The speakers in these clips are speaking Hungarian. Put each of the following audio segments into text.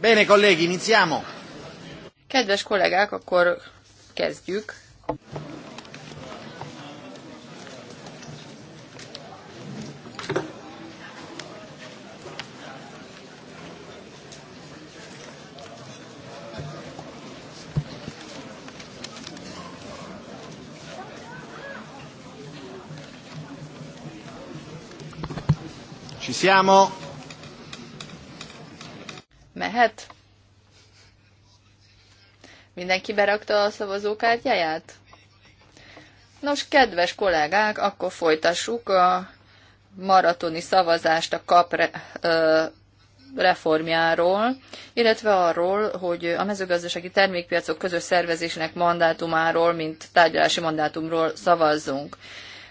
Bene, colleghi, iniziamo. Kedves kollégák, akkor kezdjük. Ci siamo lehet? Mindenki berakta a szavazókártyáját? Nos, kedves kollégák, akkor folytassuk a maratoni szavazást a kap reformjáról, illetve arról, hogy a mezőgazdasági termékpiacok közös szervezésének mandátumáról, mint tárgyalási mandátumról szavazzunk.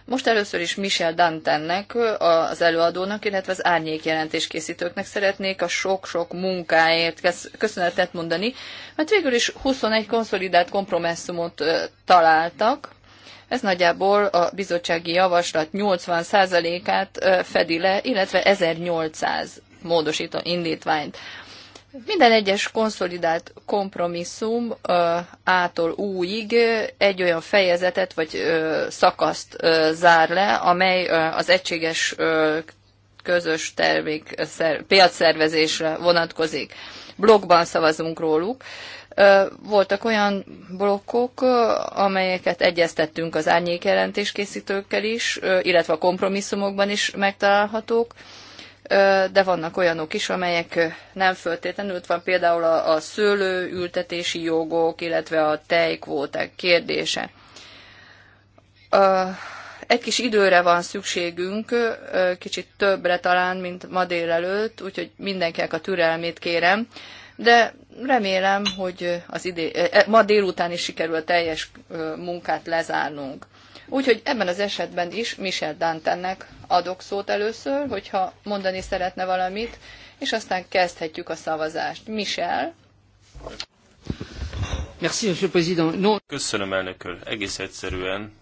Most először is Michel Dantennek, az előadónak, illetve az árnyék készítőknek szeretnék a sok-sok munkáért köszönetet mondani, mert végül is 21 konszolidált kompromisszumot találtak, ez nagyjából a bizottsági javaslat 80%-át fedi le, illetve 1800 módosító indítványt. Minden egyes konszolidált kompromisszum ától újig egy olyan fejezetet vagy szakaszt zár le, amely az egységes közös termék piacszervezésre vonatkozik. Blogban szavazunk róluk. Voltak olyan blokkok, amelyeket egyeztettünk az készítőkkel is, illetve a kompromisszumokban is megtalálhatók de vannak olyanok is, amelyek nem föltétlenül. Ott van például a, a szőlő ültetési jogok, illetve a tejkvóták kérdése. Egy kis időre van szükségünk, kicsit többre talán, mint ma délelőtt, úgyhogy mindenkinek a türelmét kérem, de remélem, hogy az idé, e, ma délután is sikerül a teljes munkát lezárnunk. Úgyhogy ebben az esetben is Michel Dantennek adok szót először, hogyha mondani szeretne valamit, és aztán kezdhetjük a szavazást. Michel? Merci, Monsieur Président. No... Köszönöm, elnök úr. Egész egyszerűen,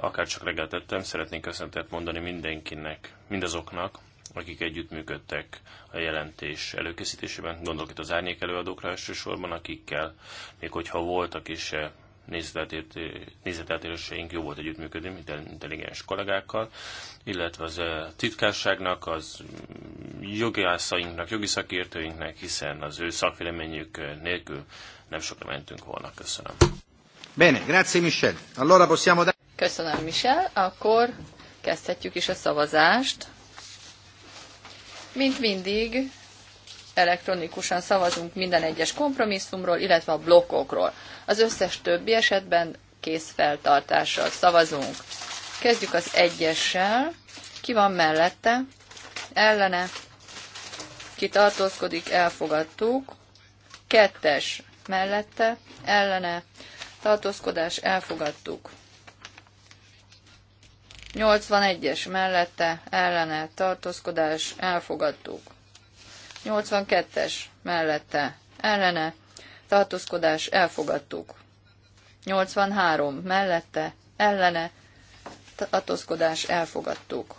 akárcsak reggel tettem, szeretnék köszöntet mondani mindenkinek, mindazoknak, akik együttműködtek a jelentés előkészítésében. Gondolok itt az árnyék előadókra elsősorban, akikkel, még hogyha voltak is eh, nézeteltéréseink, jó volt együttműködni mint intelligens kollégákkal, illetve az titkárságnak, az mm, jogászainknak, jogi szakértőinknek, hiszen az ő szakvéleményük nélkül nem sokra mentünk volna. Köszönöm. Bene, grazie Michel. Allora possiamo da- Köszönöm Michel, akkor kezdhetjük is a szavazást. Mint mindig, elektronikusan szavazunk minden egyes kompromisszumról, illetve a blokkokról. Az összes többi esetben készfeltartással szavazunk. Kezdjük az egyessel. Ki van mellette? Ellene. Ki tartózkodik? Elfogadtuk. Kettes mellette. Ellene. Tartózkodás elfogadtuk. 81-es mellette ellene tartózkodás elfogadtuk. 82-es mellette ellene tartózkodás elfogadtuk. 83 mellette ellene tartózkodás elfogadtuk.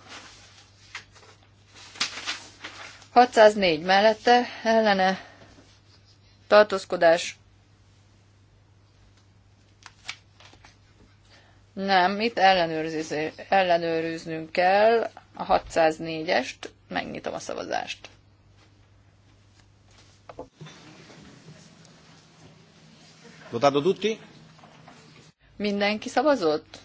604 mellette ellene tartózkodás Nem, itt ellenőriznünk kell a 604-est, megnyitom a szavazást. Votato tutti? Mindenki szavazott?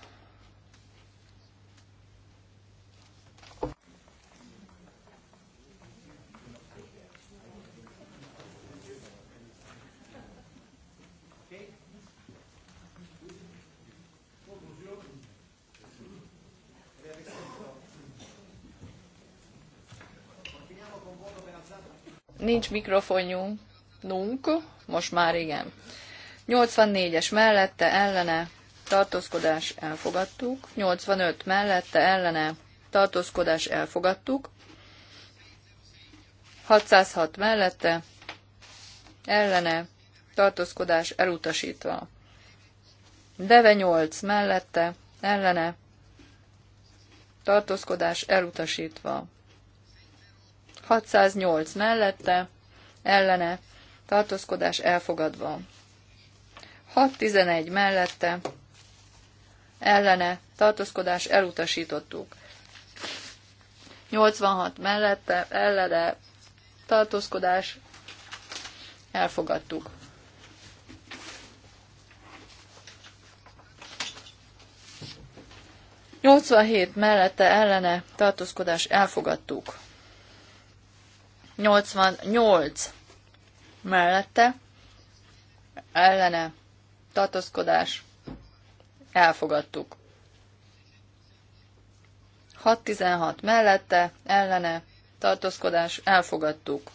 Nincs mikrofonjunk, most már igen. 84-es mellette, ellene, tartózkodás elfogadtuk. 85 mellette, ellene, tartózkodás elfogadtuk. 606 mellette, ellene, tartózkodás elutasítva. Deve 8 mellette, ellene, tartózkodás elutasítva. 608 mellette, ellene, tartózkodás elfogadva. 611 mellette, ellene, tartózkodás elutasítottuk. 86 mellette, ellene, tartózkodás elfogadtuk. Nyolcvanhét mellette ellene tartózkodás elfogadtuk. 88 mellette ellene tartózkodás elfogadtuk. 616 mellette ellene tartózkodás elfogadtuk.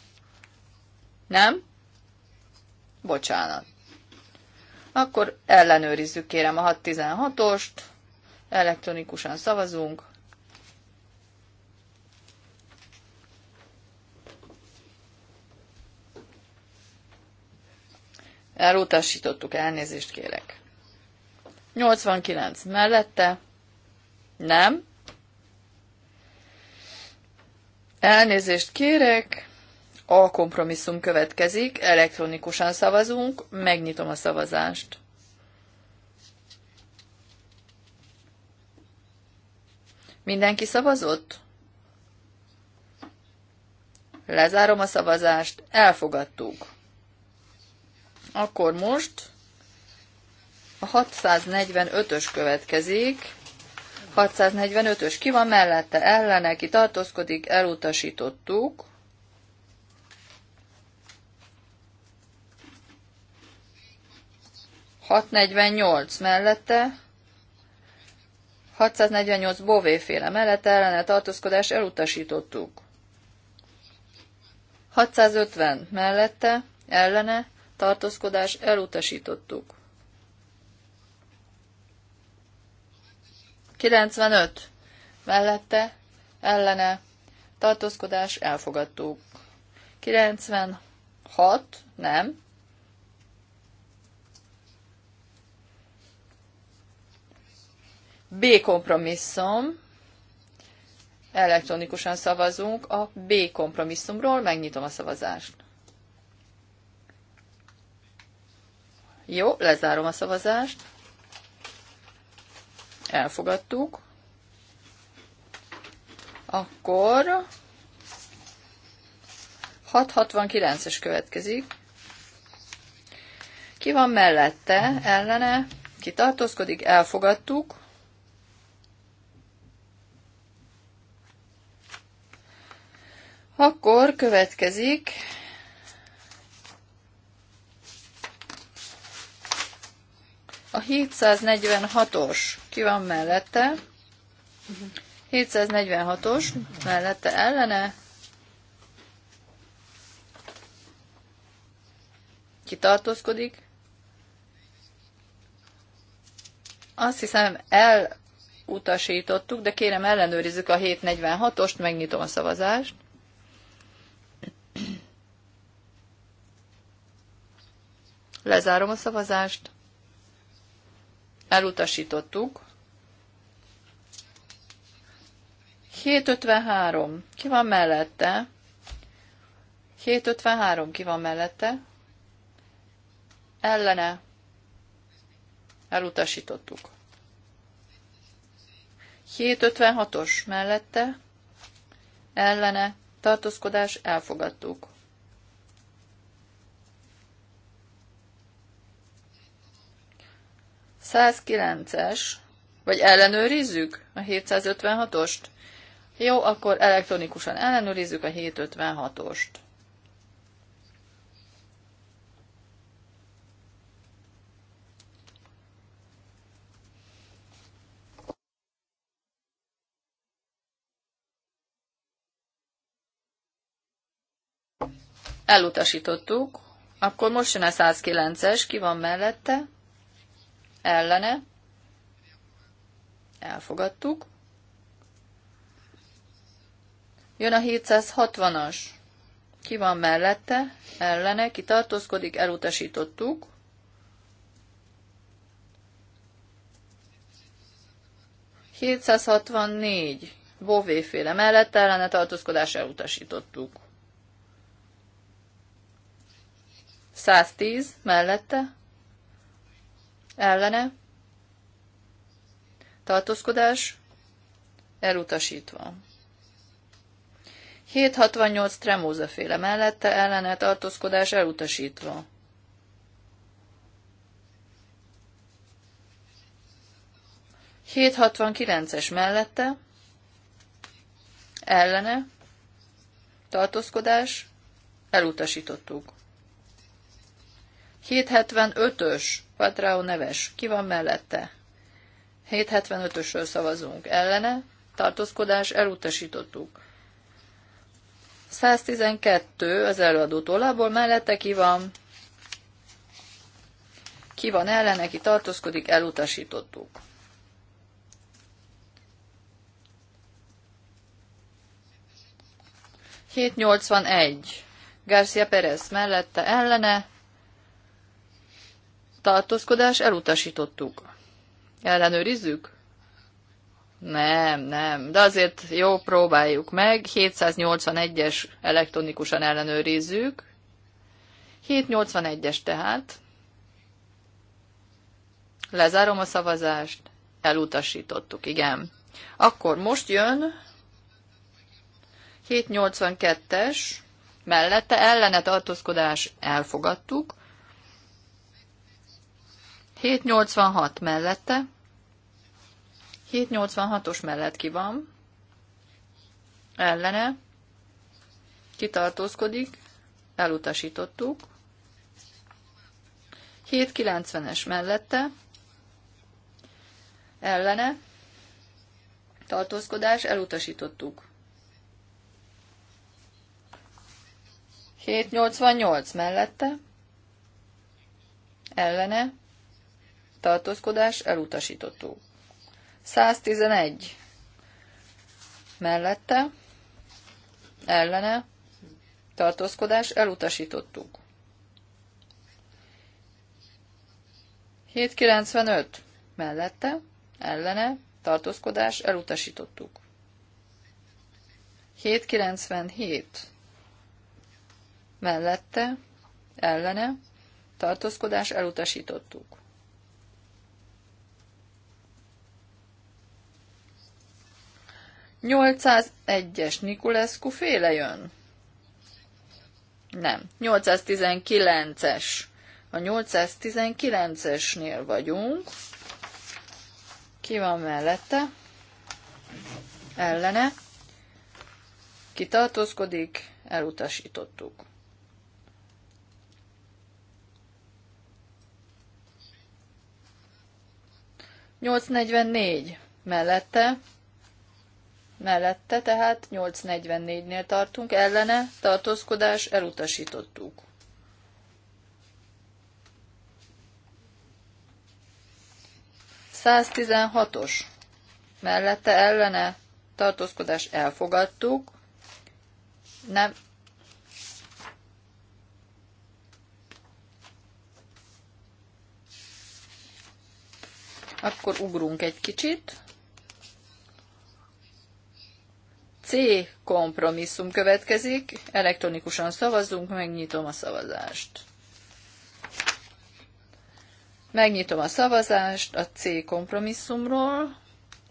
Nem? Bocsánat. Akkor ellenőrizzük kérem a 616-ost, elektronikusan szavazunk. Elutasítottuk, elnézést kérek. 89 mellette. Nem. Elnézést kérek. A kompromisszum következik, elektronikusan szavazunk, megnyitom a szavazást. Mindenki szavazott? Lezárom a szavazást, elfogadtuk. Akkor most a 645-ös következik. 645-ös ki van mellette, ellene, ki tartózkodik, elutasítottuk. ...648 mellette, 648 bovéféle mellette ellene tartózkodás elutasítottuk. 650 mellette, ellene, tartózkodás elutasítottuk. 95 mellette ellene tartózkodás elfogadtuk. 96 nem. B kompromisszum. Elektronikusan szavazunk a B kompromisszumról, megnyitom a szavazást. Jó, lezárom a szavazást. Elfogadtuk. Akkor 669-es következik. Ki van mellette, ellene, ki tartózkodik, elfogadtuk. Akkor következik A 746-os ki van mellette, 746-os mellette ellene, kitartózkodik. Azt hiszem elutasítottuk, de kérem ellenőrizzük a 746-ost, megnyitom a szavazást. Lezárom a szavazást. Elutasítottuk. 753. Ki van mellette? 753. Ki van mellette? Ellene. Elutasítottuk. 756-os mellette. Ellene. Tartózkodás. Elfogadtuk. 109-es, vagy ellenőrizzük a 756-ost? Jó, akkor elektronikusan ellenőrizzük a 756-ost. Elutasítottuk. Akkor most jön a 109-es, ki van mellette? ellene, elfogadtuk. Jön a 760-as, ki van mellette, ellene, ki tartózkodik, elutasítottuk. Hétszázhatvannégy, Bové-féle mellett ellene tartózkodás elutasítottuk. 110 mellette ellene, tartózkodás, elutasítva. 768 Tremóza féle mellette ellene tartózkodás elutasítva. Hét es mellette ellene tartózkodás elutasítottuk. 775-ös, Patrao neves, ki van mellette? 775-ösről szavazunk. Ellene, tartózkodás, elutasítottuk. 112 az előadó tollából, mellette ki van? Ki van ellene, ki tartózkodik, elutasítottuk. Hét egy. Garcia Perez mellette ellene, tartózkodás elutasítottuk. Ellenőrizzük? Nem, nem, de azért jó, próbáljuk meg. 781-es elektronikusan ellenőrizzük. 781-es tehát. Lezárom a szavazást. Elutasítottuk, igen. Akkor most jön 782-es, mellette ellene tartózkodás elfogadtuk, 786 mellette. 786-os mellett ki van. Ellene. Kitartózkodik. Elutasítottuk. 790-es mellette. Ellene. Tartózkodás. Elutasítottuk. 788 mellette. Ellene tartózkodás elutasítottuk. 111 mellette, ellene, tartózkodás elutasítottuk. 795 mellette, ellene, tartózkodás elutasítottuk. 797 mellette, ellene, tartózkodás elutasítottuk. 801-es Nikulescu féle jön? Nem. 819-es. A 819-esnél vagyunk. Ki van mellette? Ellene. Ki tartózkodik? Elutasítottuk. Nyolc negyvennégy mellette mellette, tehát 844-nél tartunk, ellene tartózkodás elutasítottuk. os mellette ellene tartózkodás elfogadtuk, nem Akkor ugrunk egy kicsit. C kompromisszum következik, elektronikusan szavazzunk, megnyitom a szavazást. Megnyitom a szavazást a C kompromisszumról.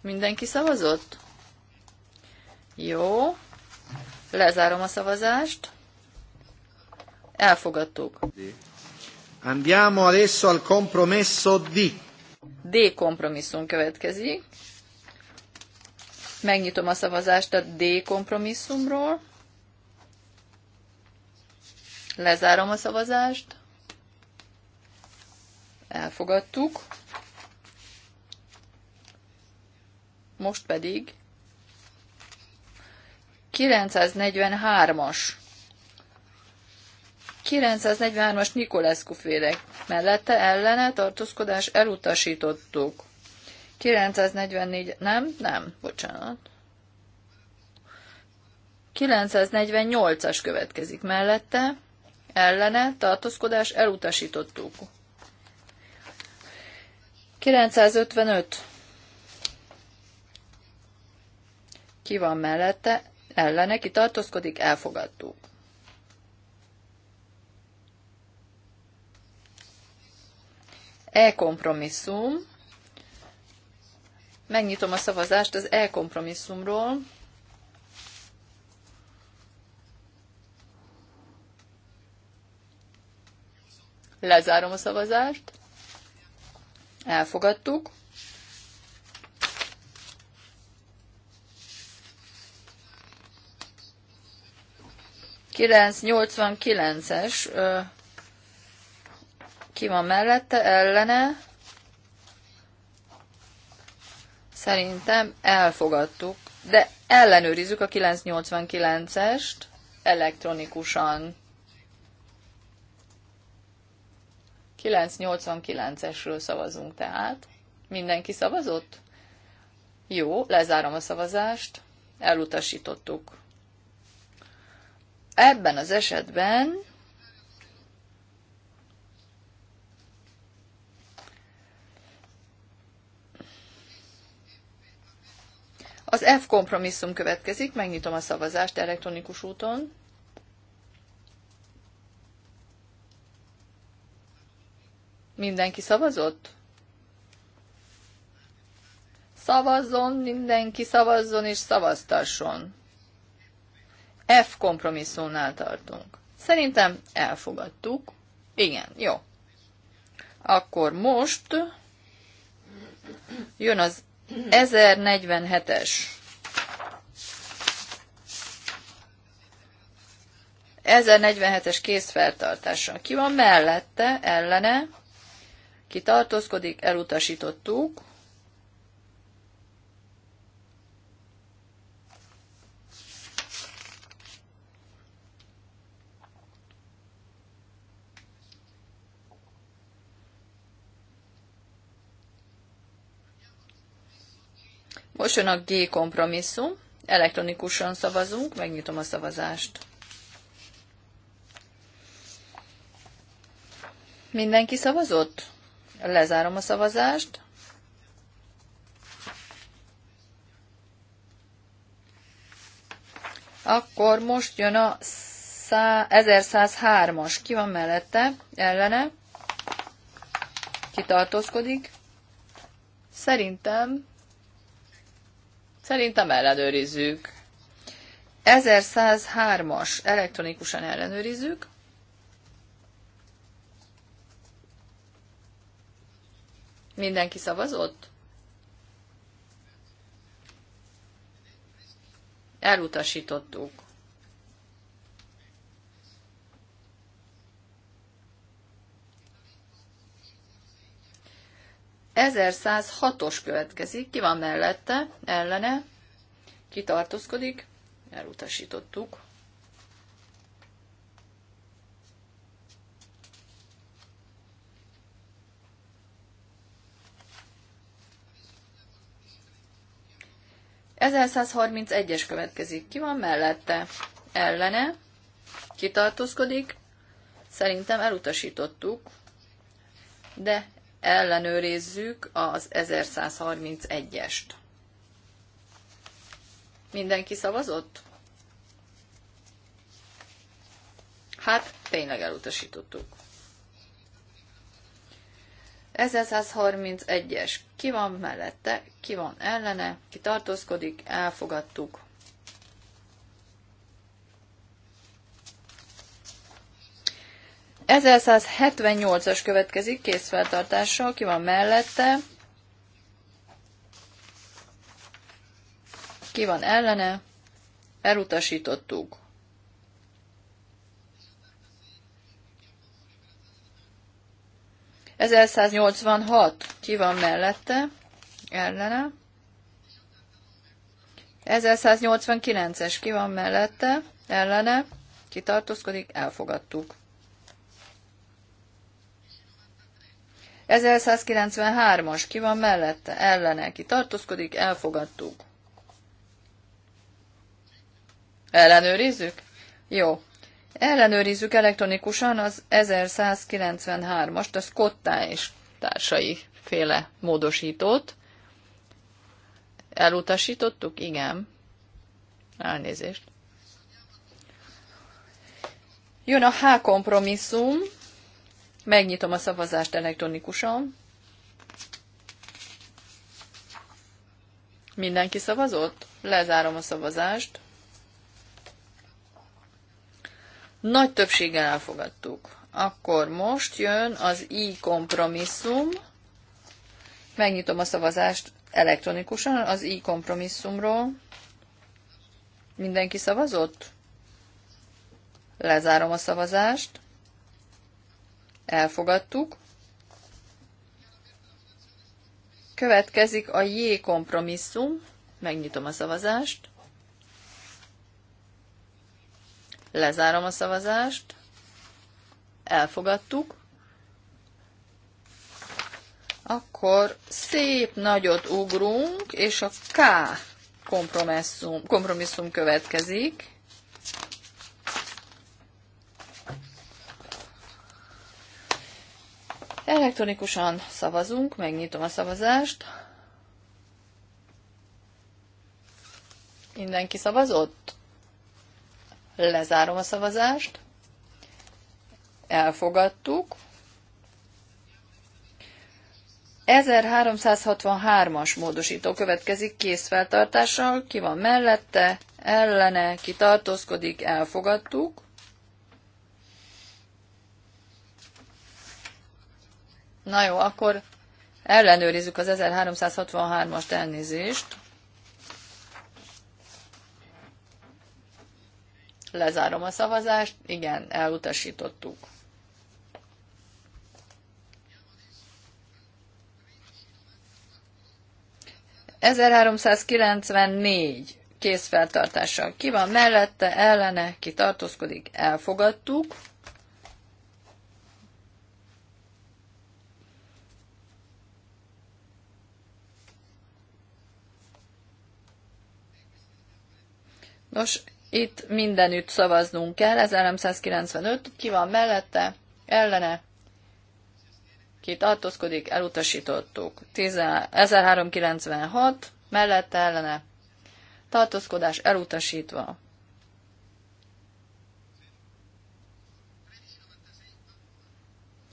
Mindenki szavazott? Jó. Lezárom a szavazást. Elfogadtuk. Andiamo adesso al compromesso D. D kompromisszum következik. Megnyitom a szavazást a D kompromisszumról. Lezárom a szavazást. Elfogadtuk. Most pedig 943-as. 943-as Nikolescu féle mellette ellene tartózkodás elutasítottuk. 944, nem, nem, bocsánat. 948-as következik mellette, ellene, tartózkodás, elutasítottuk. 955. Ki van mellette, ellene, ki tartózkodik, elfogadtuk. Megnyitom a szavazást az elkompromisszumról. Lezárom a szavazást. Elfogadtuk. Kilenc, nyolcvankilences. Ki van mellette? Ellene. Szerintem elfogadtuk, de ellenőrizzük a 989-est elektronikusan. 989-esről szavazunk tehát. Mindenki szavazott? Jó, lezárom a szavazást. Elutasítottuk. Ebben az esetben Az F kompromisszum következik, megnyitom a szavazást elektronikus úton. Mindenki szavazott? Szavazzon, mindenki szavazzon és szavaztasson. F kompromisszumnál tartunk. Szerintem elfogadtuk. Igen, jó. Akkor most jön az 1047-es. 1047-es készfeltartással. Ki van mellette, ellene, ki tartózkodik, elutasítottuk. Most jön a G kompromisszum. Elektronikusan szavazunk, megnyitom a szavazást. Mindenki szavazott? Lezárom a szavazást. Akkor most jön a 1103-as. Ki van mellette? Ellene? Kitartózkodik? Szerintem Szerintem ellenőrizzük. 1103-as elektronikusan ellenőrizzük. Mindenki szavazott? Elutasítottuk. 1106-os következik, ki van mellette, ellene, kitartózkodik, elutasítottuk. es következik, ki van mellette, ellene, kitartózkodik, szerintem elutasítottuk, de ellenőrizzük az 1131-est. Mindenki szavazott? Hát, tényleg elutasítottuk. 1131-es. Ki van mellette, ki van ellene, ki tartózkodik, elfogadtuk. 1178-as következik készfeltartással, ki van mellette, ki van ellene, elutasítottuk. Ezer ki van mellette, ellene. 1189-es ki van mellette, ellene, kitartózkodik, elfogadtuk. 1193-as, ki van mellette, ellene, ki tartózkodik, elfogadtuk. Ellenőrizzük? Jó. Ellenőrizzük elektronikusan az 1193-ast, a Scottá és társai féle módosítót. Elutasítottuk? Igen. Elnézést. Jön a H kompromisszum, Megnyitom a szavazást elektronikusan. Mindenki szavazott? Lezárom a szavazást. Nagy többséggel elfogadtuk. Akkor most jön az i kompromisszum. Megnyitom a szavazást elektronikusan az i kompromisszumról. Mindenki szavazott? Lezárom a szavazást. Elfogadtuk. Következik a J kompromisszum. Megnyitom a szavazást. Lezárom a szavazást. Elfogadtuk. Akkor szép nagyot ugrunk, és a K kompromisszum, kompromisszum következik. Elektronikusan szavazunk, megnyitom a szavazást. Mindenki szavazott? Lezárom a szavazást. Elfogadtuk. 1363-as módosító következik készfeltartással, ki van mellette, ellene, ki tartózkodik, elfogadtuk. Na jó, akkor ellenőrizzük az 1363-ast elnézést. Lezárom a szavazást. Igen, elutasítottuk. ...1394 készfeltartással ki van mellette, ellene, ki tartózkodik, elfogadtuk. Nos, itt mindenütt szavaznunk kell, 1395, ki van mellette, ellene, ki tartózkodik, elutasítottuk. 1396, mellette, ellene, tartózkodás elutasítva.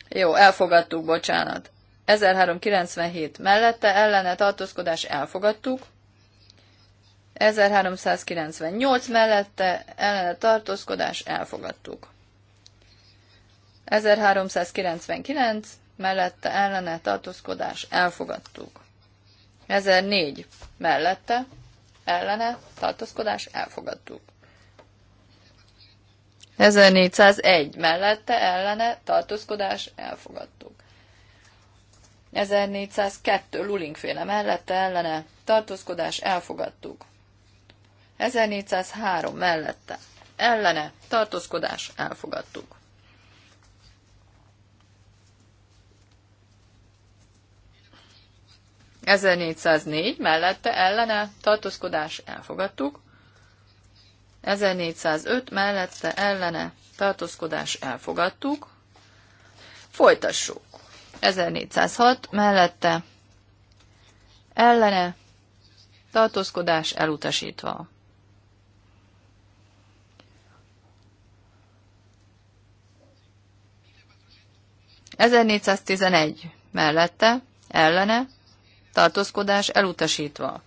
Jó, elfogadtuk, bocsánat. 1397 mellette, ellene tartózkodás elfogadtuk. 1398 mellette ellene tartózkodás elfogadtuk. 1399 mellette ellene tartózkodás elfogadtuk. 1004 mellette ellene tartózkodás elfogadtuk. 1401 mellette ellene tartózkodás elfogadtuk. 1402 lulingféle mellette ellene tartózkodás elfogadtuk. 1403 mellette ellene tartózkodás elfogadtuk. ...1404 mellette ellene tartózkodás elfogadtuk, 1405 mellette ellene tartózkodás elfogadtuk, folytassuk, 1406 mellette ellene tartózkodás elutasítva. 1411 mellette, ellene, tartózkodás elutasítva.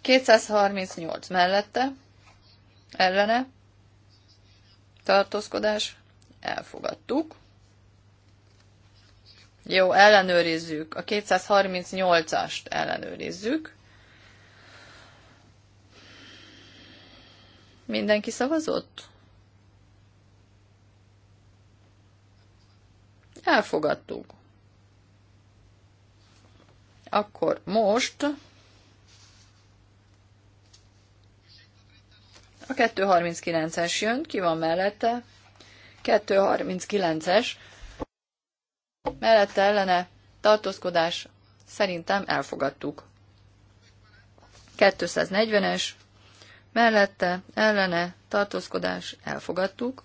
Kétszázharmincnyolc mellette, ellene, tartózkodás, elfogadtuk. Jó, ellenőrizzük. A 238-ast ellenőrizzük. Mindenki szavazott? Elfogadtuk. Akkor most a 239-es jön, ki van mellette? 239-es. Mellette ellene tartózkodás szerintem elfogadtuk. 240-es. Mellette ellene tartózkodás elfogadtuk.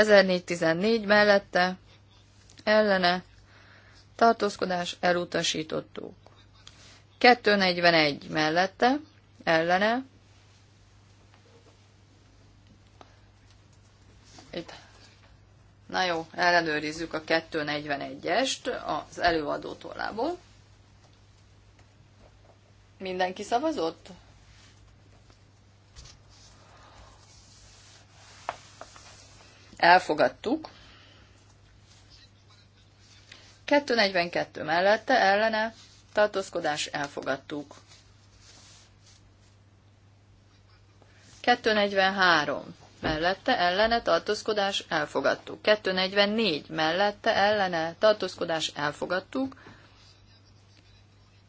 1414 mellette ellene tartózkodás elutasítottuk. 241 mellette ellene itt Na jó, ellenőrizzük a 241-est az előadó tollából. Mindenki szavazott? Elfogadtuk. 242 mellette ellene tartózkodás elfogadtuk. 243 mellette ellene tartózkodás elfogadtuk. 244 mellette ellene tartózkodás elfogadtuk.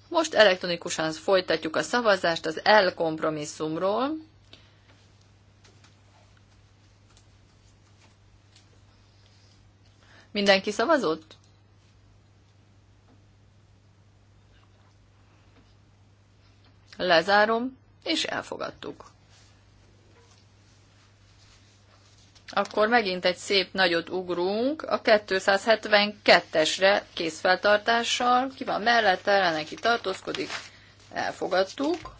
Most elektronikusan folytatjuk a szavazást az elkompromisszumról. kompromisszumról Mindenki szavazott? Lezárom, és elfogadtuk. Akkor megint egy szép nagyot ugrunk a 272-esre készfeltartással. Ki van mellette, ellene ki tartózkodik, elfogadtuk.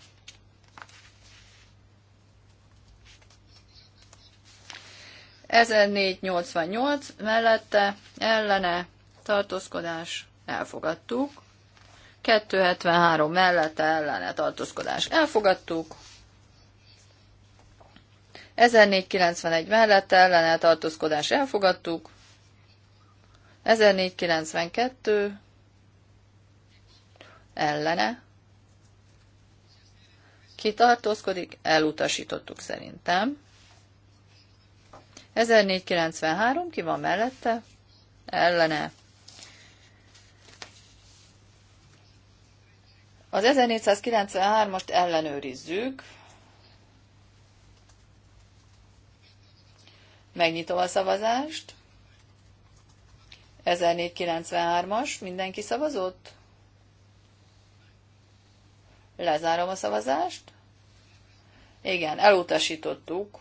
1488 mellette ellene tartózkodás elfogadtuk. 273 mellette ellene tartózkodás elfogadtuk. 1491 mellette ellene tartózkodás elfogadtuk. 1492 ellene kitartózkodik, elutasítottuk szerintem. 1493, ki van mellette? Ellene. Az 1493-ast ellenőrizzük. Megnyitom a szavazást. 1493-as, mindenki szavazott? Lezárom a szavazást. Igen, elutasítottuk.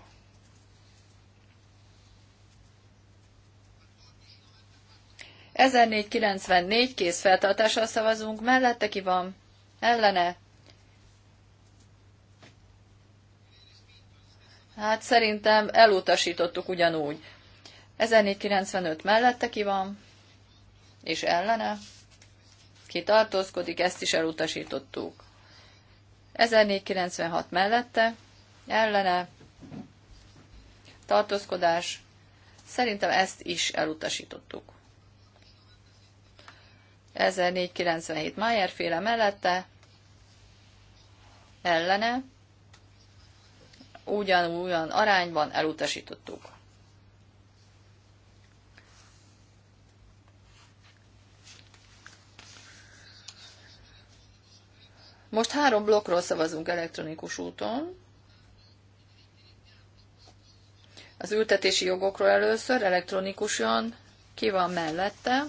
1494 kész feltartással szavazunk, mellette ki van, ellene. Hát szerintem elutasítottuk ugyanúgy. 1495 mellette ki van, és ellene. Ki tartózkodik, ezt is elutasítottuk. 1496 mellette, ellene, tartózkodás, szerintem ezt is elutasítottuk. 1497 Mayer féle mellette, ellene, ugyanúgyan arányban elutasítottuk. Most három blokkról szavazunk elektronikus úton. Az ültetési jogokról először elektronikusan ki van mellette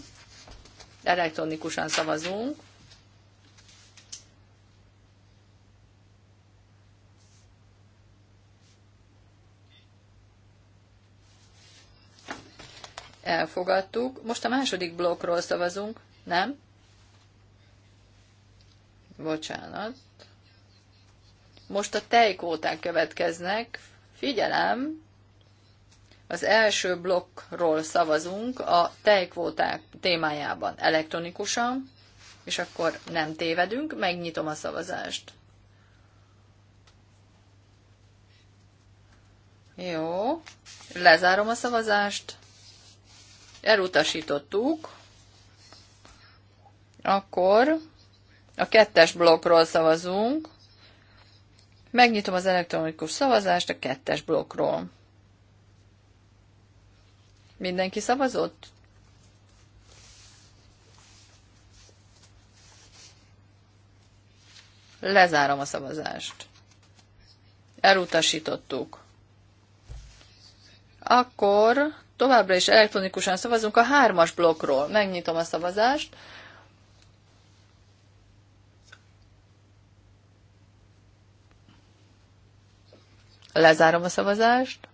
elektronikusan szavazunk. Elfogadtuk. Most a második blokkról szavazunk, nem? Bocsánat. Most a tejkóták következnek. Figyelem, az első blokkról szavazunk a tejkvóták témájában elektronikusan, és akkor nem tévedünk, megnyitom a szavazást. Jó, lezárom a szavazást. Elutasítottuk. Akkor a kettes blokkról szavazunk. Megnyitom az elektronikus szavazást a kettes blokkról. Mindenki szavazott? Lezárom a szavazást. Elutasítottuk. Akkor továbbra is elektronikusan szavazunk a hármas blokkról. Megnyitom a szavazást. Lezárom a szavazást.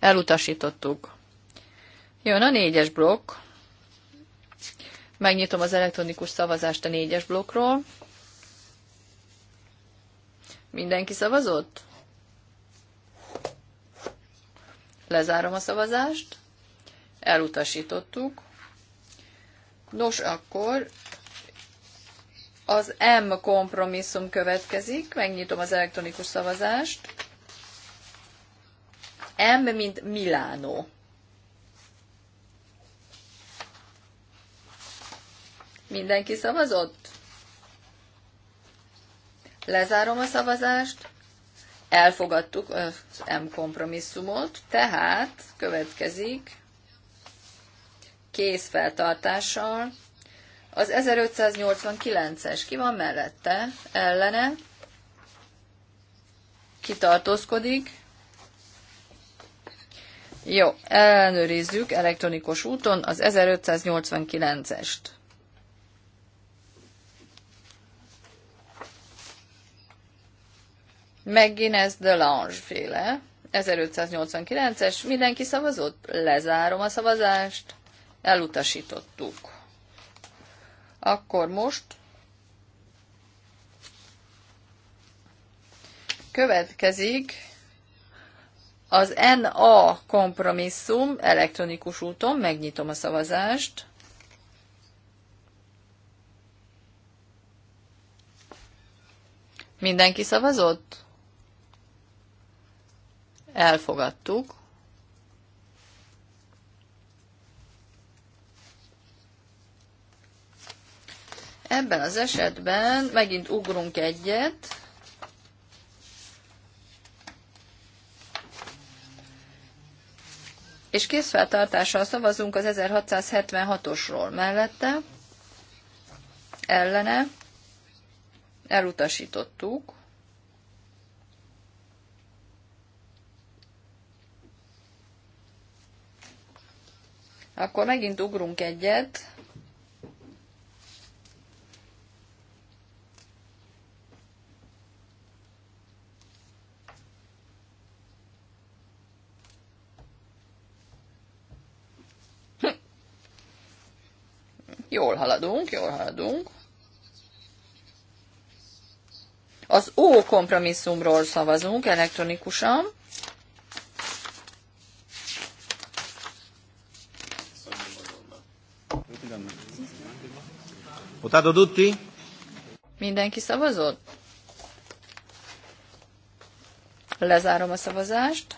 Elutasítottuk. Jön a négyes blokk. Megnyitom az elektronikus szavazást a négyes blokkról. Mindenki szavazott? Lezárom a szavazást. Elutasítottuk. Nos, akkor az M kompromisszum következik. Megnyitom az elektronikus szavazást. M, mint Milánó. Mindenki szavazott? Lezárom a szavazást. Elfogadtuk az M kompromisszumot, tehát következik feltartással az 1589-es. Ki van mellette? Ellene? Kitartózkodik? Jó, ellenőrizzük elektronikus úton az 1589-est. de Lange féle, 1589-es, mindenki szavazott? Lezárom a szavazást, elutasítottuk. Akkor most következik az NA kompromisszum elektronikus úton, megnyitom a szavazást. Mindenki szavazott? elfogadtuk. Ebben az esetben megint ugrunk egyet, és készfeltartással szavazunk az 1676-osról mellette, ellene, elutasítottuk, Akkor megint ugrunk egyet. Jól haladunk, jól haladunk. Az O kompromisszumról szavazunk elektronikusan. Votato tutti? Mindenki szavazott? Lezárom a szavazást.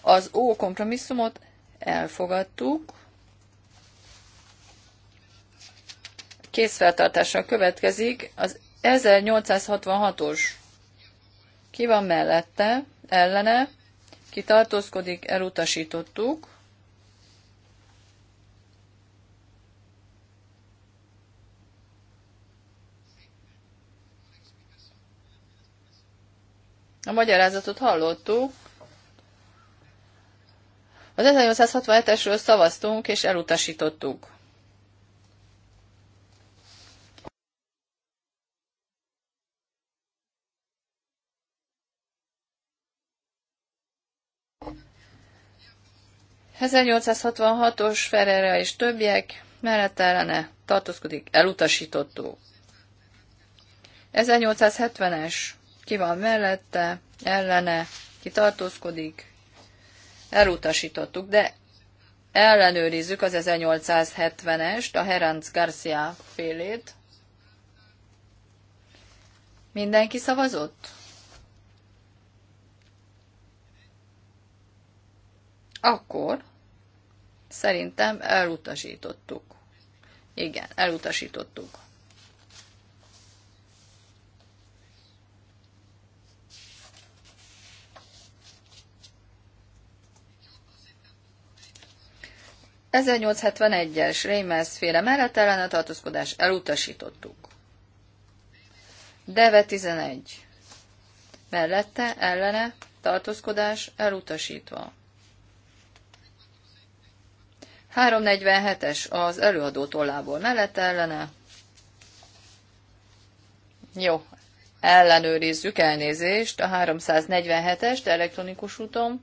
Az O kompromisszumot elfogadtuk. Készfeltartással következik az 1866-os. Ki van mellette? Ellene? Ki tartózkodik? Elutasítottuk. A magyarázatot hallottuk. Az 1867-esről szavaztunk és elutasítottuk. ...1866-os Ferrera és többiek mellett ellene tartózkodik, elutasítottuk. 1870-es ki van mellette, ellene, ki tartózkodik, elutasítottuk, de ellenőrizzük az 1870-est, a Herenc Garcia félét. Mindenki szavazott? Akkor szerintem elutasítottuk. Igen, elutasítottuk. 1871-es Reimers féle mellett ellene tartózkodás elutasítottuk. Deve 11. Mellette ellene tartózkodás elutasítva. 347-es az előadó tollából mellette ellene. Jó, ellenőrizzük elnézést a 347-est elektronikus úton.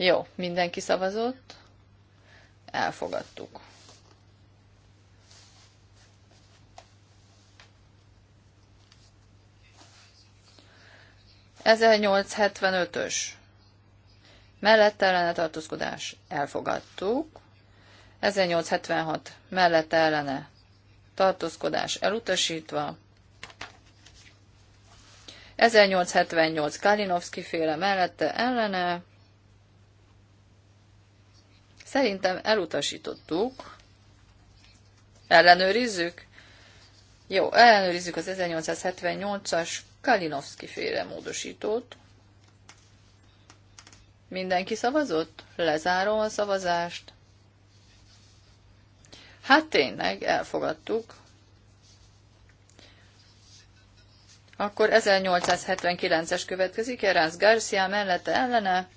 Jó, mindenki szavazott. Elfogadtuk. Ezer 875-ös. Mellette ellene tartózkodás. Elfogadtuk. 1876. Mellette ellene tartózkodás elutasítva. 1878 Kalinowski féle mellette ellene Szerintem elutasítottuk. Ellenőrizzük? Jó, ellenőrizzük az 1878-as Kalinowski féle módosítót. Mindenki szavazott? Lezárom a szavazást. Hát tényleg, elfogadtuk. Akkor 1879-es következik, Erász Garcia mellette ellene,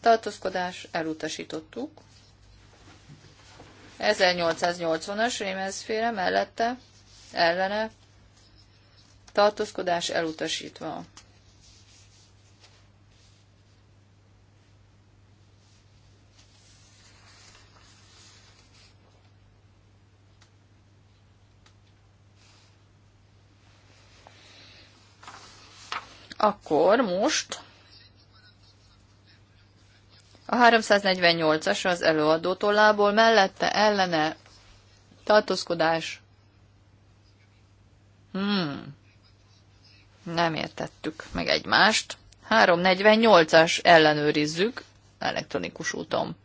tartózkodás, elutasítottuk. 1880-as rémezféle mellette, ellene, tartózkodás elutasítva. Akkor most a 348-as az előadó tollából mellette ellene tartózkodás. Hmm. Nem értettük meg egymást. 348-as ellenőrizzük elektronikus úton.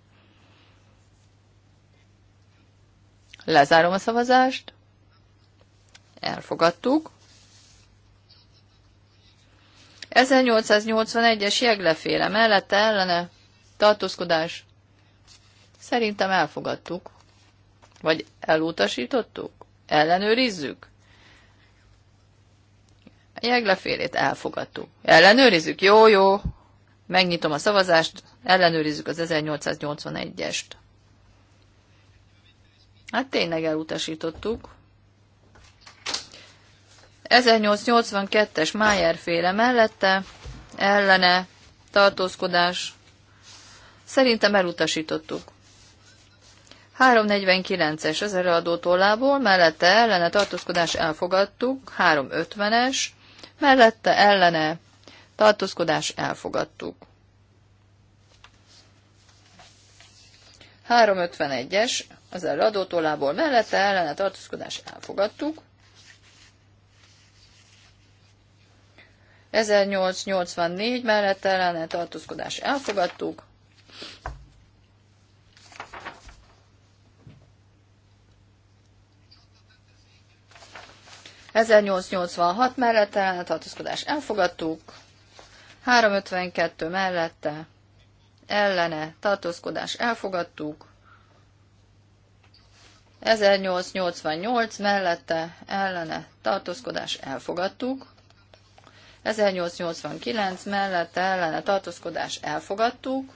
Lezárom a szavazást. Elfogadtuk. 1881-es jegleféle mellette ellene tartózkodás. Szerintem elfogadtuk. Vagy elutasítottuk? Ellenőrizzük? A jeglefélét elfogadtuk. Ellenőrizzük? Jó, jó. Megnyitom a szavazást, ellenőrizzük az 1881-est. Hát tényleg elutasítottuk. 1882-es Májer féle mellette, ellene, tartózkodás, Szerintem elutasítottuk. 349-es az előadó tollából, mellette ellene tartózkodás elfogadtuk, 350-es, mellette ellene tartózkodás elfogadtuk. 351-es az előadó tollából, mellette ellene tartózkodás elfogadtuk. 1884 mellette ellene tartózkodás elfogadtuk. 1886 mellette tartózkodás elfogadtuk, 352 mellette ellene tartózkodás elfogadtuk, 1888 mellette ellene tartózkodás elfogadtuk, 1889 mellette ellene tartózkodás elfogadtuk,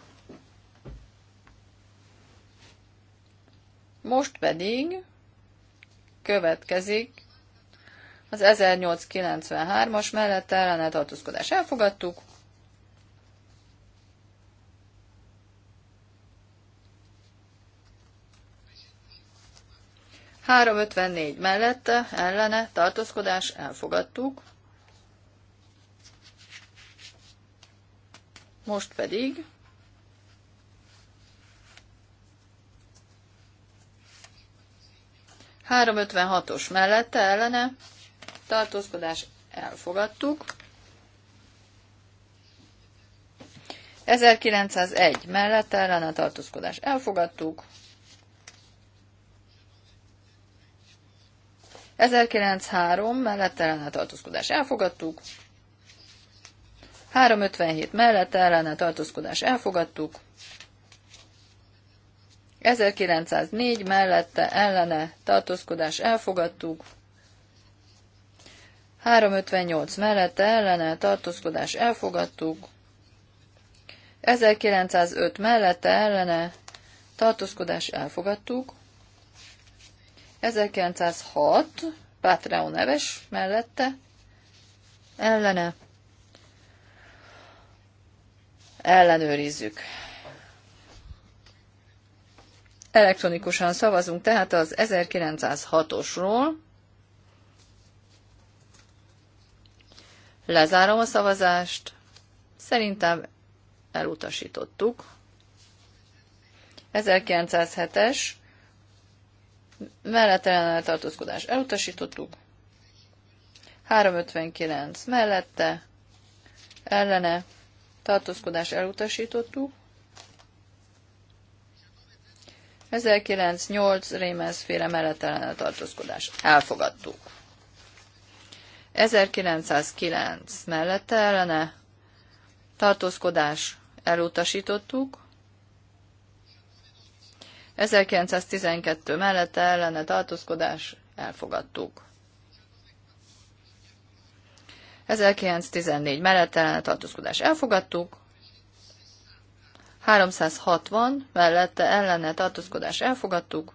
Most pedig következik az 1893-as mellett ellene tartózkodás elfogadtuk. Három ötvennégy mellette ellene tartózkodás elfogadtuk. Most pedig 356-os mellette ellene tartózkodás elfogadtuk. 1901 mellette ellene tartózkodás elfogadtuk. 1903 mellette ellene tartózkodás elfogadtuk. 357 mellette ellene tartózkodás elfogadtuk. 1904 mellette ellene tartózkodás elfogadtuk. 358 mellette ellene tartózkodás elfogadtuk. 1905 mellette ellene tartózkodás elfogadtuk. 1906 Pátreó neves mellette ellene ellenőrizzük. Elektronikusan szavazunk tehát az 1906-osról. Lezárom a szavazást. Szerintem elutasítottuk. 1907-es mellettelen tartózkodás elutasítottuk. 359 mellette ellene tartózkodás elutasítottuk. 1908 Rémez féle mellettelen tartózkodás. Elfogadtuk. 1909 mellette ellene tartózkodás elutasítottuk. 1912 mellette ellene tartózkodás elfogadtuk. 1914 mellette ellene tartózkodás elfogadtuk. 360 mellette ellene tartózkodás elfogadtuk,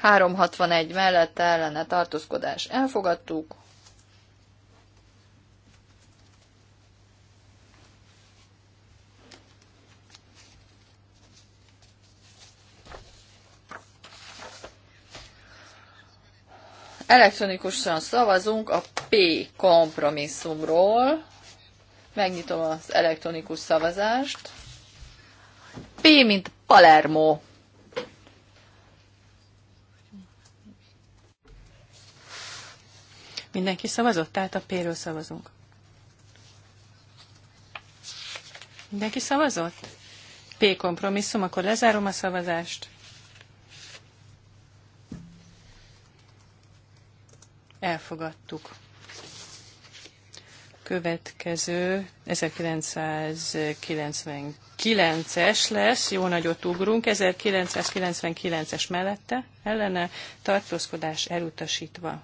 361 mellette ellene tartózkodás elfogadtuk, a P Megnyitom az elektronikus szavazást. P, mint Palermo. Mindenki szavazott? Tehát a P-ről szavazunk. Mindenki szavazott? P kompromisszum, akkor lezárom a szavazást. Elfogadtuk következő 1999-es lesz, jó nagyot ugrunk, 1999-es mellette ellene tartózkodás elutasítva.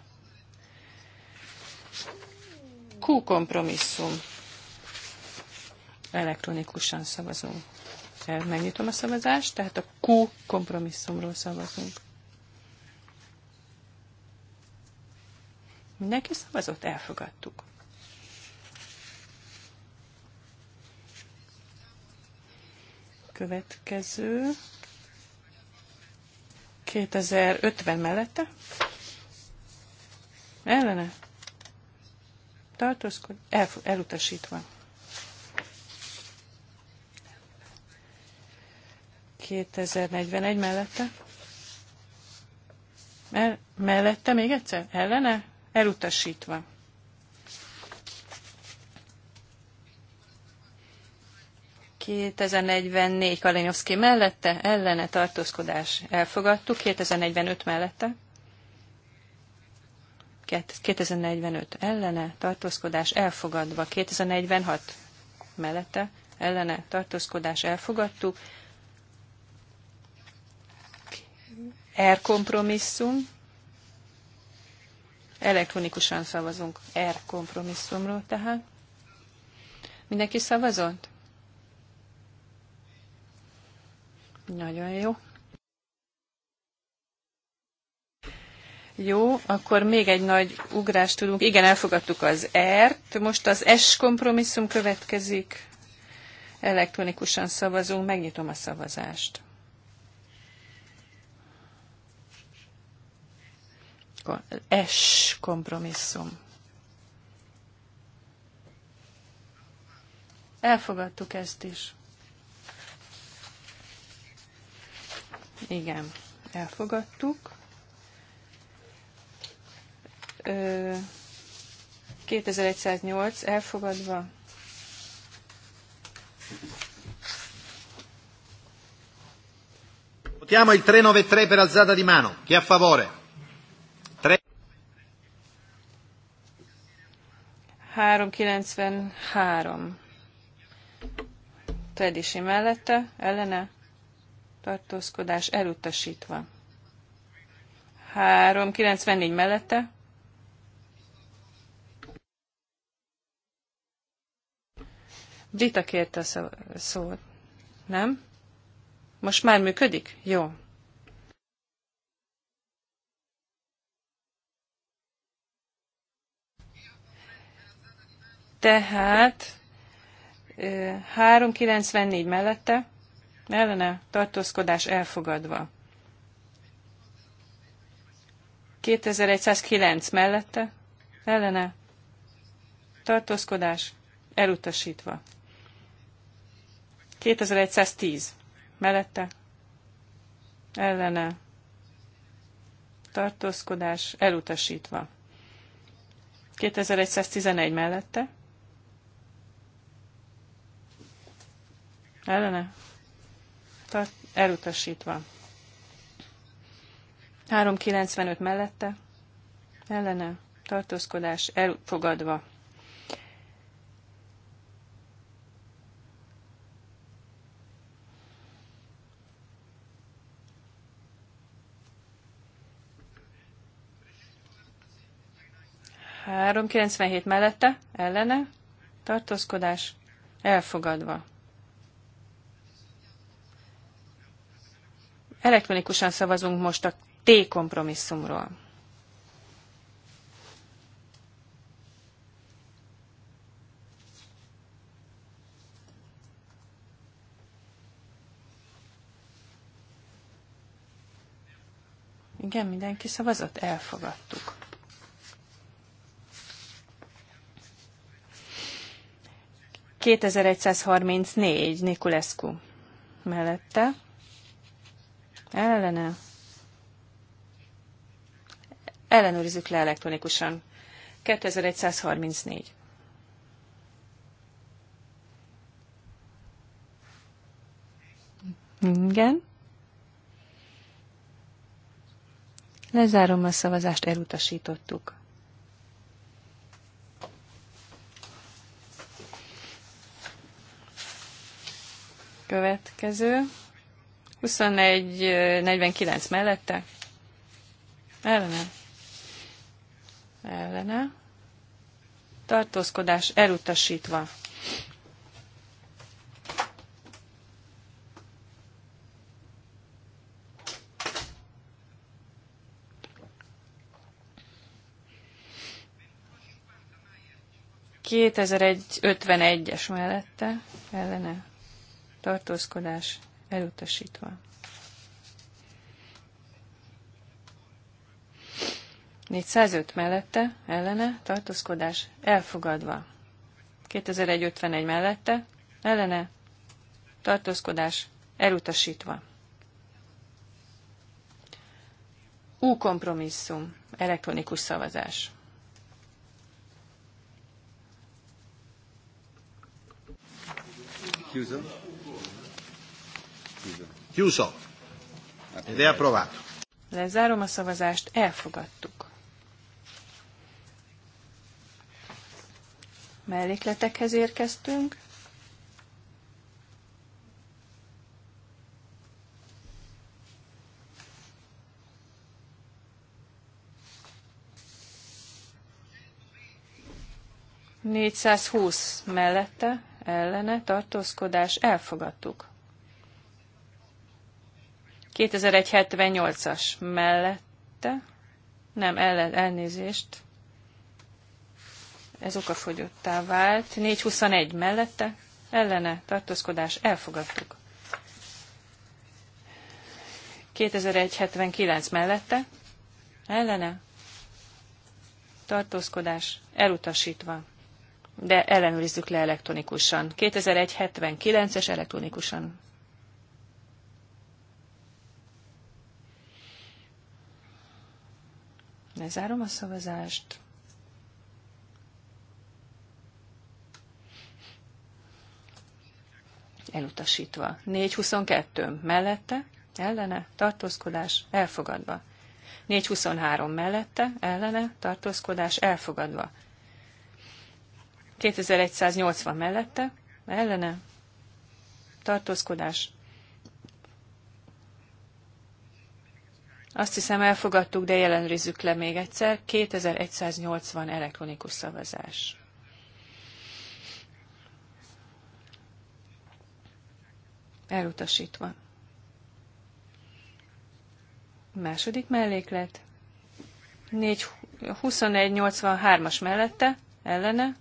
Q kompromisszum. Elektronikusan szavazunk. Megnyitom a szavazást, tehát a Q kompromisszumról szavazunk. Mindenki szavazott, elfogadtuk. Következő. 2050 mellette. Ellene. Tartózkodj? El, elutasítva. 2041 mellette. El, mellette még egyszer? Ellene? Elutasítva. 2044 Kalinowski mellette, ellene tartózkodás elfogadtuk, 2045 mellette, 2045 ellene tartózkodás elfogadva, 2046 mellette, ellene tartózkodás elfogadtuk, R kompromisszum, elektronikusan szavazunk R kompromisszumról tehát. Mindenki szavazott? Nagyon jó. Jó, akkor még egy nagy ugrást tudunk. Igen, elfogadtuk az R-t. Most az S kompromisszum következik. Elektronikusan szavazunk. Megnyitom a szavazást. S kompromisszum. Elfogadtuk ezt is. Igen, elfogadtuk. 2108 elfogadva. Votiamo il 393 per alzata di mano. Chi a favore? 393. Tredisi mellette, ellene tartózkodás elutasítva. 394 mellette. Brita kérte a szót. Nem? Most már működik? Jó. Tehát 394 mellette ellene tartózkodás elfogadva. 2109 mellette ellene tartózkodás elutasítva. 2110 mellette ellene tartózkodás elutasítva. 2111 mellette ellene tart, elutasítva. 395 mellette, ellene, tartózkodás elfogadva. Három mellette, ellene, tartózkodás elfogadva. Elektronikusan szavazunk most a T kompromisszumról. Igen, mindenki szavazott? Elfogadtuk. ...2134 Nikulescu mellette ellene. Ellenőrizzük le elektronikusan. 2134. Igen. Lezárom a szavazást, elutasítottuk. Következő. 21-49 mellette. Ellene. Ellene. Tartózkodás elutasítva. Kétezer-egy es mellette ellene tartózkodás elutasítva. Négy mellette, ellene, tartózkodás elfogadva. 2151 mellette, ellene, tartózkodás elutasítva. Ú kompromisszum, elektronikus szavazás. Köszönöm. Chiuso. Ed eh. è approvato. Lezárom a szavazást, elfogadtuk. Mellékletekhez érkeztünk. Négyszázhúsz mellette, ellene, tartózkodás, elfogadtuk. 2178-as mellette, nem, el, elnézést, ez okafogyottá vált, 421 mellette, ellene, tartózkodás, elfogadtuk. 2179 mellette, ellene, tartózkodás, elutasítva, de ellenőrizzük le elektronikusan. 2179-es elektronikusan Lezárom a szavazást. Elutasítva. 422 mellette, ellene, tartózkodás, elfogadva. 423 mellette, ellene, tartózkodás, elfogadva. 2180 mellette, ellene, tartózkodás, Azt hiszem elfogadtuk, de jelenrizzük le még egyszer. 2180 elektronikus szavazás. Elutasítva. Második melléklet. 2183-as mellette, ellene,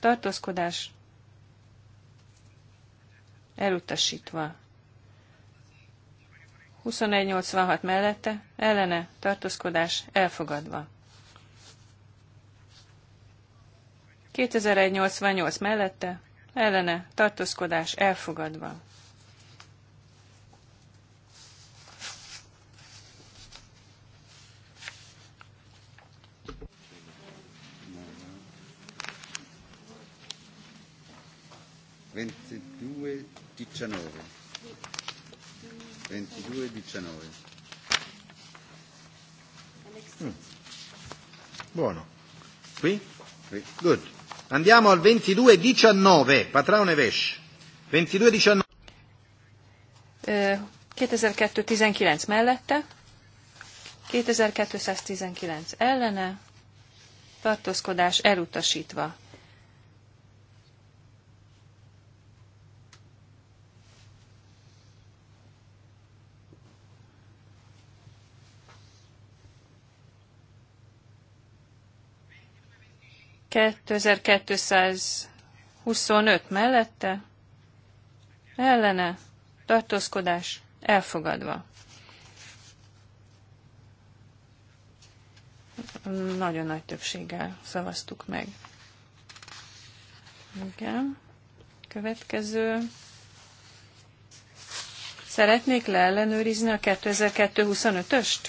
tartózkodás, elutasítva. 2186 mellette, ellene, tartózkodás elfogadva. 2188 mellette, ellene, tartózkodás elfogadva. 22, 22 e 19. Mm. Buono. Qui? Qui. Good. Andiamo al 22-19, Patraone Vesh. 22-19. 2002-19 mellette, 2219 ellene, tartózkodás elutasítva. 2225 mellette, ellene, tartózkodás, elfogadva. Nagyon nagy többséggel szavaztuk meg. Igen. Következő. Szeretnék leellenőrizni a 2225-öst?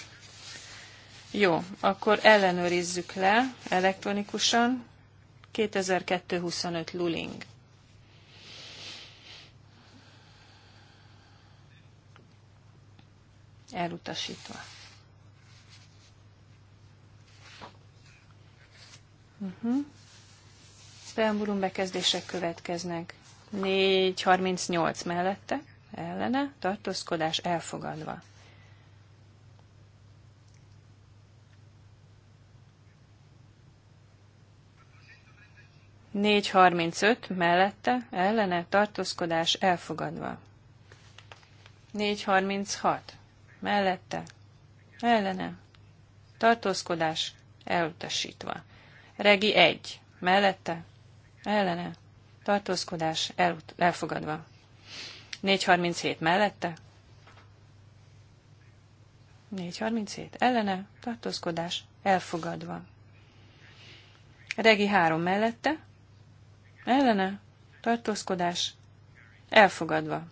Jó, akkor ellenőrizzük le elektronikusan. 2225 Luling. Elutasítva. Uh-huh. Preambulum bekezdések következnek. 438 mellette, ellene, tartózkodás elfogadva. 435 mellette ellene tartózkodás elfogadva. 436 mellette ellene tartózkodás elutasítva. Regi 1 mellette ellene tartózkodás el, elfogadva. 437 mellette 437 ellene tartózkodás elfogadva. Regi 3 mellette ellene, tartózkodás, elfogadva.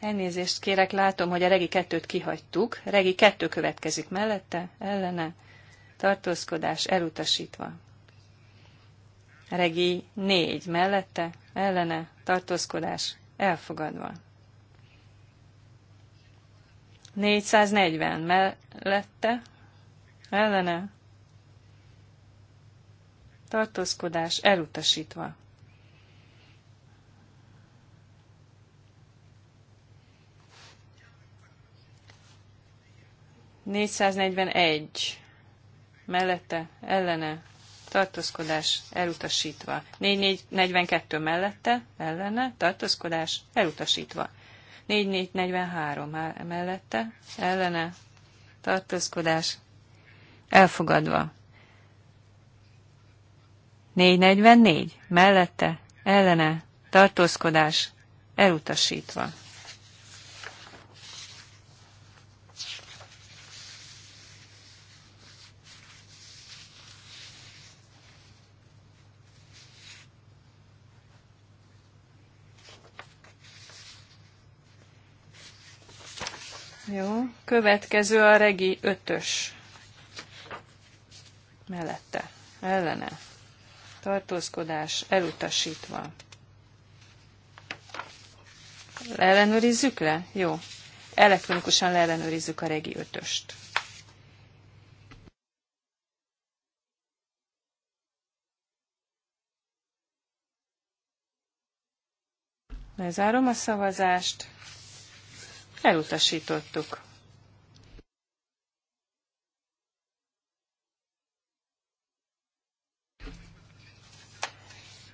Elnézést kérek, látom, hogy a regi kettőt kihagytuk. Regi kettő következik mellette, ellene, tartózkodás elutasítva. Regi négy mellette, ellene, tartózkodás elfogadva. 440 mellette, ellene, tartózkodás elutasítva. Négyszáznegyvenegy mellette, ellene, tartózkodás elutasítva. 4442 mellette, ellene, tartózkodás elutasítva. 4443 mellette, ellene, tartózkodás elfogadva. 444 mellette, ellene, tartózkodás elutasítva. Jó. Következő a regi ötös. Mellette. Ellene. Tartózkodás elutasítva. Ellenőrizzük le? Jó. Elektronikusan leellenőrizzük a regi ötöst. Lezárom a szavazást elutasítottuk.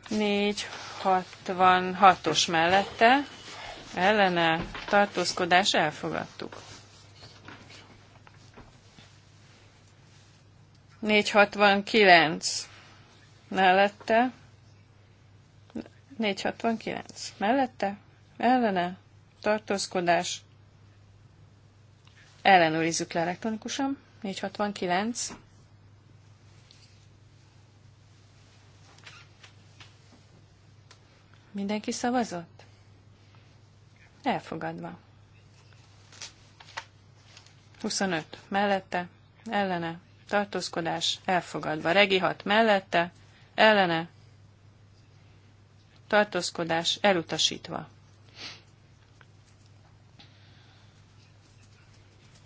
Négy, 66 hatos mellette ellene tartózkodás elfogadtuk. 469 mellette 469 mellette ellene tartózkodás Ellenőrizzük le elektronikusan. 469. Mindenki szavazott? Elfogadva. 25. Mellette, ellene, tartózkodás, elfogadva. Regi 6. Mellette, ellene, tartózkodás, elutasítva.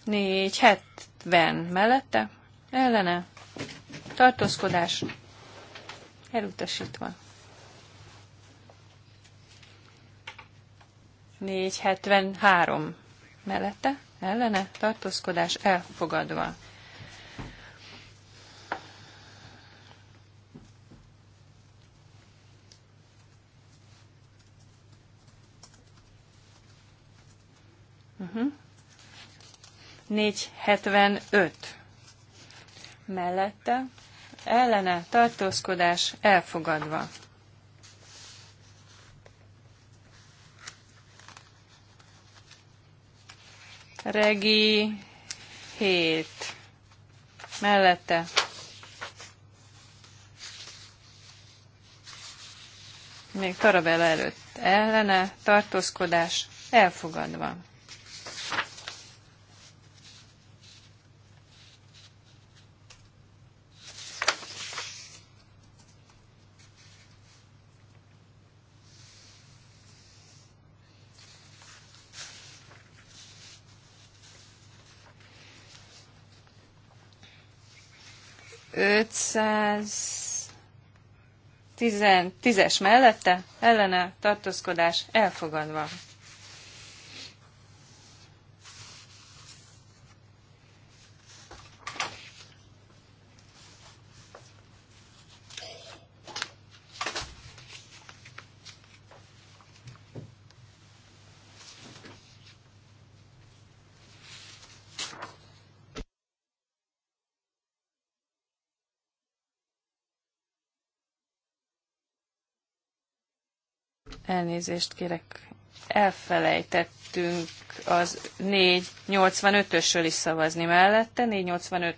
470 mellette, ellene, tartózkodás, elutasítva. 473 mellette, ellene, tartózkodás, elfogadva. mm hmm 475 mellette, ellene tartózkodás elfogadva. Regi 7 mellette. Még Tarabella előtt ellene tartózkodás elfogadva. Tizen, tízes mellette ellene tartózkodás elfogadva. Elnézést kérek, elfelejtettünk az 485-ösről is szavazni mellette, 485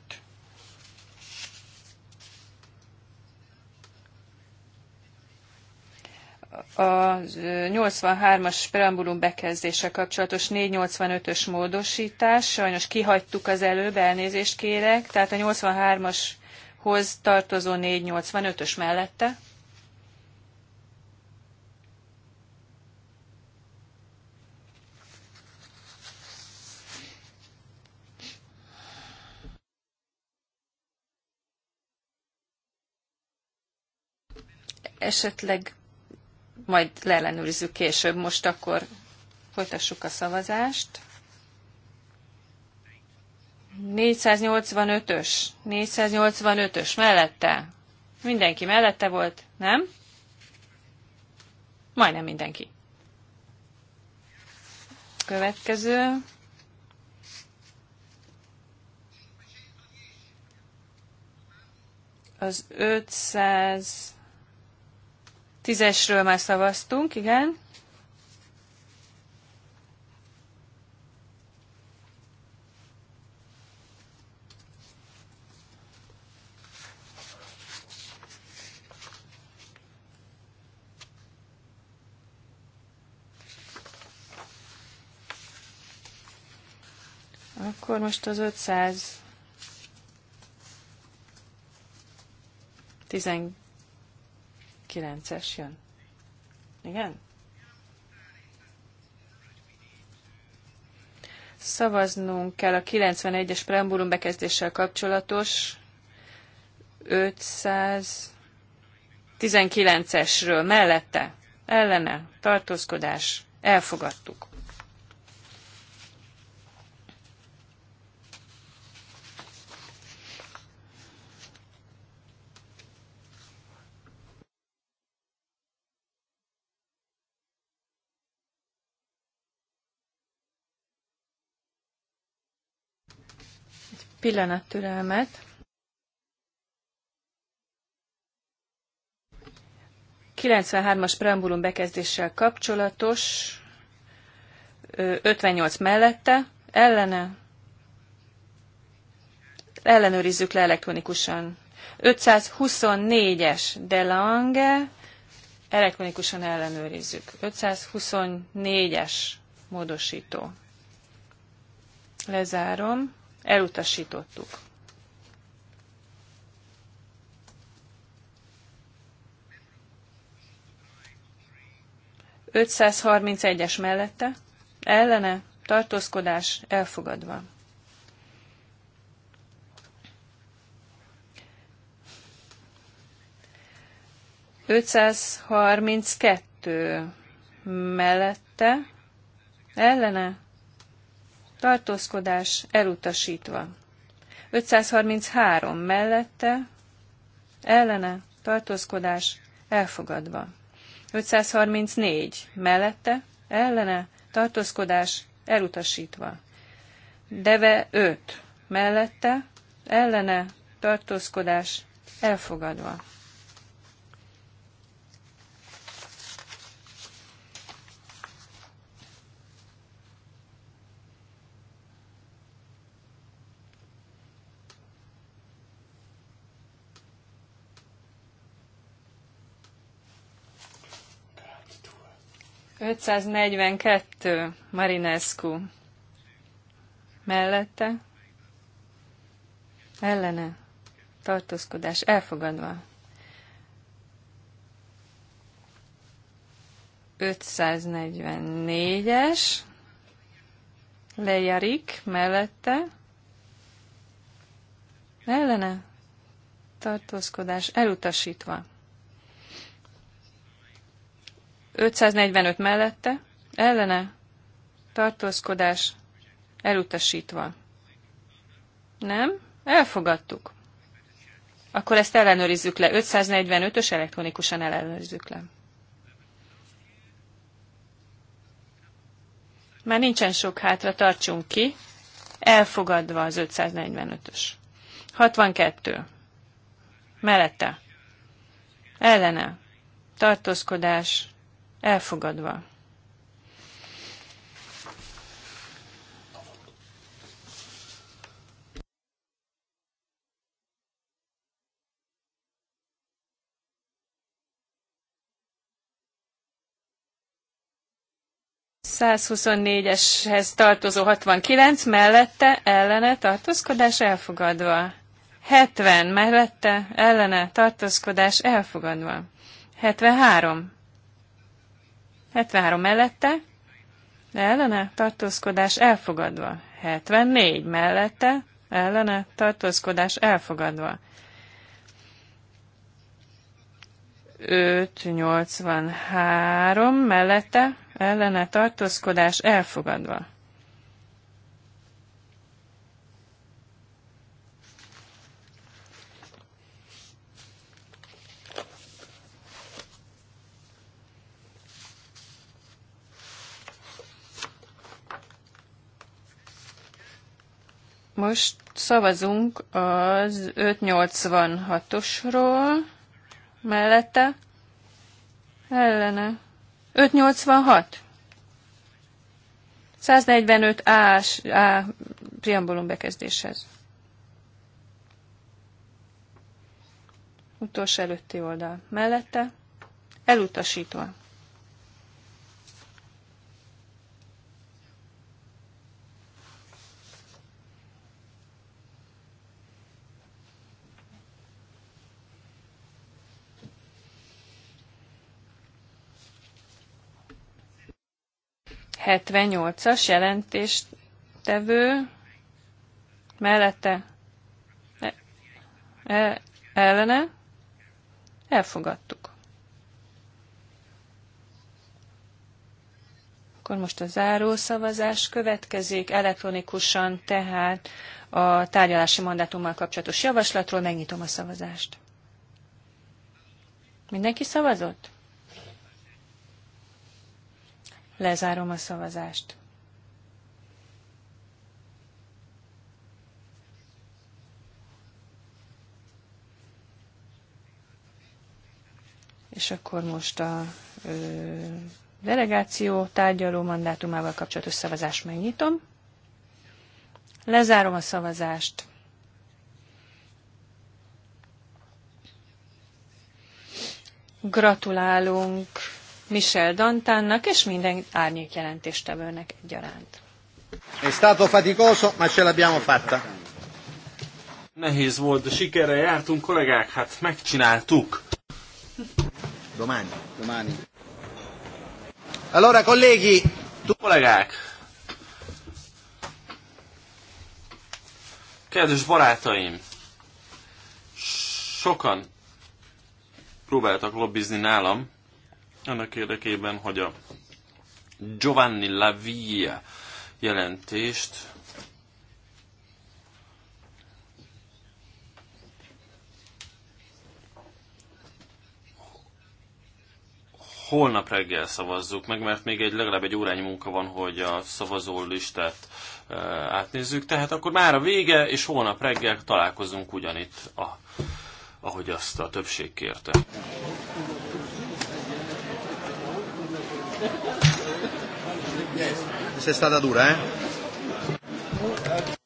a 83-as preambulum bekezdése kapcsolatos 485-ös módosítás, sajnos kihagytuk az előbb, elnézést kérek, tehát a 83-ashoz tartozó 485-ös mellette esetleg majd leellenőrizzük később. Most akkor folytassuk a szavazást. 485-ös, 485-ös mellette. Mindenki mellette volt, nem? Majdnem mindenki. Következő. Az 500 Tízesről már szavaztunk, igen. Akkor most az 500 Kilences jön. Igen? Szavaznunk kell a 91-es preambulum bekezdéssel kapcsolatos 519-esről mellette, ellene, tartózkodás, elfogadtuk. pillanat türelmet. as preambulum bekezdéssel kapcsolatos, 58 mellette, ellene, ellenőrizzük le elektronikusan. 524-es delange. elektronikusan ellenőrizzük. 524-es módosító. Lezárom. Elutasítottuk. es mellette, ellene, tartózkodás elfogadva. mellette, ellene, tartózkodás elutasítva. 533 mellette, ellene, tartózkodás elfogadva. 534 mellette, ellene, tartózkodás elutasítva. Deve 5 mellette, ellene, tartózkodás elfogadva. 542 Marinescu mellette ellene tartózkodás elfogadva. 544-es lejarik mellette ellene tartózkodás elutasítva. 545 mellette, ellene, tartózkodás, elutasítva. Nem? Elfogadtuk. Akkor ezt ellenőrizzük le. 545-ös elektronikusan ellenőrizzük le. Már nincsen sok hátra, tartsunk ki. Elfogadva az 545-ös. 62. Mellette. Ellene. Tartózkodás. Elfogadva. 124-eshez tartozó 69 mellette ellene tartózkodás elfogadva. 70 mellette ellene tartózkodás elfogadva. 73 73 mellette, ellene, tartózkodás elfogadva. 74 mellette, ellene, tartózkodás elfogadva. 583 mellette, ellene, tartózkodás elfogadva. Most szavazunk az 586-osról mellette. Ellene. 586. 145 A, A preambulum bekezdéshez. Utolsó előtti oldal. Mellette. Elutasítva. 78-as jelentéstevő mellette e, e, ellene elfogadtuk. Akkor most a záró szavazás következik elektronikusan, tehát a tárgyalási mandátummal kapcsolatos javaslatról megnyitom a szavazást. Mindenki szavazott? Lezárom a szavazást. És akkor most a ö, delegáció tárgyaló mandátumával kapcsolatos szavazást megnyitom. Lezárom a szavazást. Gratulálunk Michel Dantánnak és minden árnyék jelentéstevőnek egyaránt. È stato faticoso, ma ce l'abbiamo fatta. Nehéz volt, de sikerrel jártunk, kollégák, hát megcsináltuk. Domani. Domani. Allora, colleghi. Tu... Kollégák. Kedves barátaim. Sokan próbáltak lobbizni nálam, annak érdekében, hogy a Giovanni Lavia jelentést holnap reggel szavazzuk meg, mert még egy legalább egy órányi munka van, hogy a szavazó listát e, átnézzük. Tehát akkor már a vége, és holnap reggel találkozunk ugyanitt, a, ahogy azt a többség kérte. Questa è stata dura, eh?